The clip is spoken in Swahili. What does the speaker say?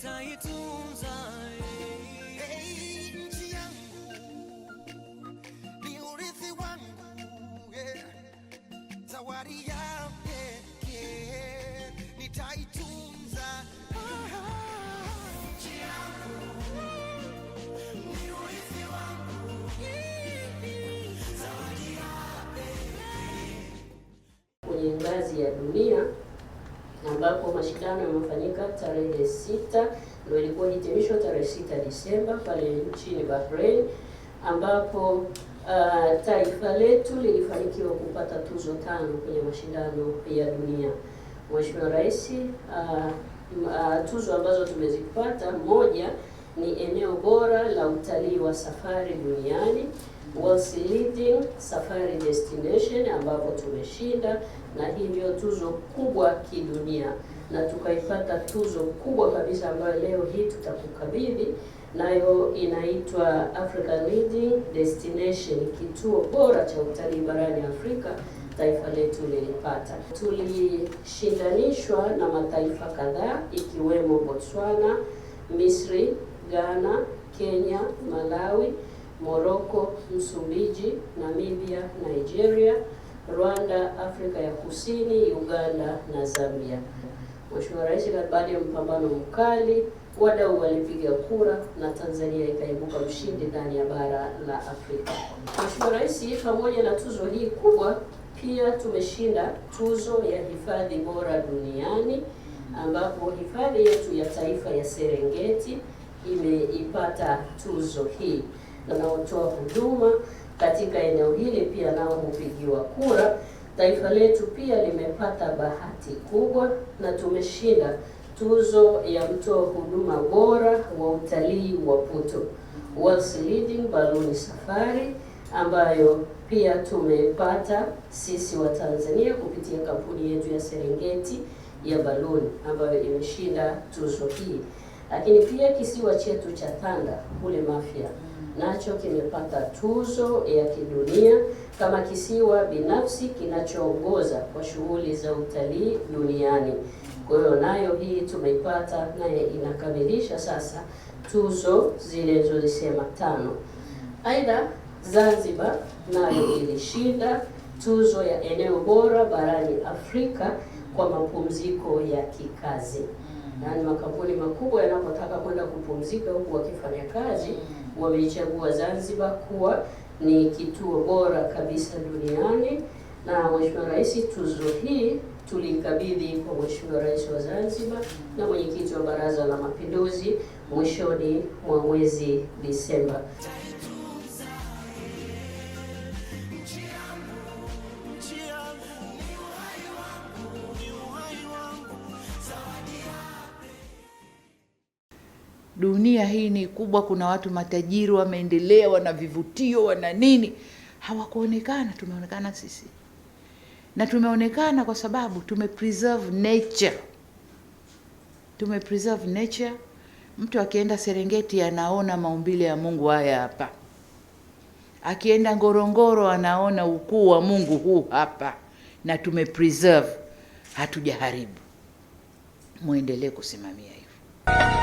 nitaitunza hey, nchi yangu ni urithi wangu zawadi ya pekee kwenye ngazi ya dunia ambapo mashindano yamefanyika tarehe sita ndio ilikuwa hitimisho tarehe sita Disemba pale nchini Bahrain, ambapo uh, taifa letu lilifanikiwa kupata tuzo tano kwenye mashindano ya dunia. Mheshimiwa Rais, uh, uh, tuzo ambazo tumezipata, moja ni eneo bora la utalii wa safari duniani was Leading Safari Destination ambapo tumeshinda, na hii ndio tuzo kubwa kidunia, na tukaipata tuzo kubwa kabisa ambayo leo hii tutakukabidhi, nayo inaitwa Africa Leading Destination, kituo bora cha utalii barani Afrika. Taifa letu lilipata, tulishindanishwa na mataifa kadhaa ikiwemo Botswana, Misri, Ghana, Kenya, Malawi Morocco, Msumbiji, Namibia, Nigeria, Rwanda, Afrika ya Kusini, Uganda na Zambia. Mheshimiwa Rais, baada ya mpambano mkali, wadau walipiga kura na Tanzania ikaibuka mshindi ndani ya bara la Afrika. Mheshimiwa Rais, pamoja na tuzo hii kubwa, pia tumeshinda tuzo ya hifadhi bora duniani ambapo hifadhi yetu ya taifa ya Serengeti imeipata tuzo hii anaotoa huduma katika eneo hili pia nao hupigiwa kura. Taifa letu pia limepata bahati kubwa na tumeshinda tuzo ya mtoa huduma bora wa utalii wa Puto, World's Leading Balloon Safari, ambayo pia tumepata sisi wa Tanzania kupitia kampuni yetu ya Serengeti ya Balloon ambayo imeshinda tuzo hii, lakini pia kisiwa chetu cha Tanga kule Mafia nacho kimepata tuzo ya kidunia kama kisiwa binafsi kinachoongoza kwa shughuli za utalii duniani. Kwa hiyo nayo hii tumeipata, naye inakamilisha sasa tuzo zile tano. Aidha, Zanzibar nayo ilishinda tuzo ya eneo bora barani Afrika kwa mapumziko ya kikazi ni makampuni makubwa yanapotaka kwenda kupumzika huku wakifanya kazi, wameichagua Zanzibar kuwa ni kituo bora kabisa duniani, na Mheshimiwa Rais tuzo hii tulikabidhi kwa Mheshimiwa Rais wa Zanzibar na mwenyekiti wa Baraza la Mapinduzi mwishoni mwa mwezi Disemba. dunia hii ni kubwa, kuna watu matajiri wameendelea, wana vivutio, wana nini, hawakuonekana. Tumeonekana sisi, na tumeonekana kwa sababu tume preserve nature, tume preserve nature. Mtu akienda Serengeti anaona maumbile ya Mungu haya hapa, akienda Ngorongoro anaona ukuu wa Mungu huu hapa, na tume preserve, hatujaharibu. Muendelee kusimamia hivyo.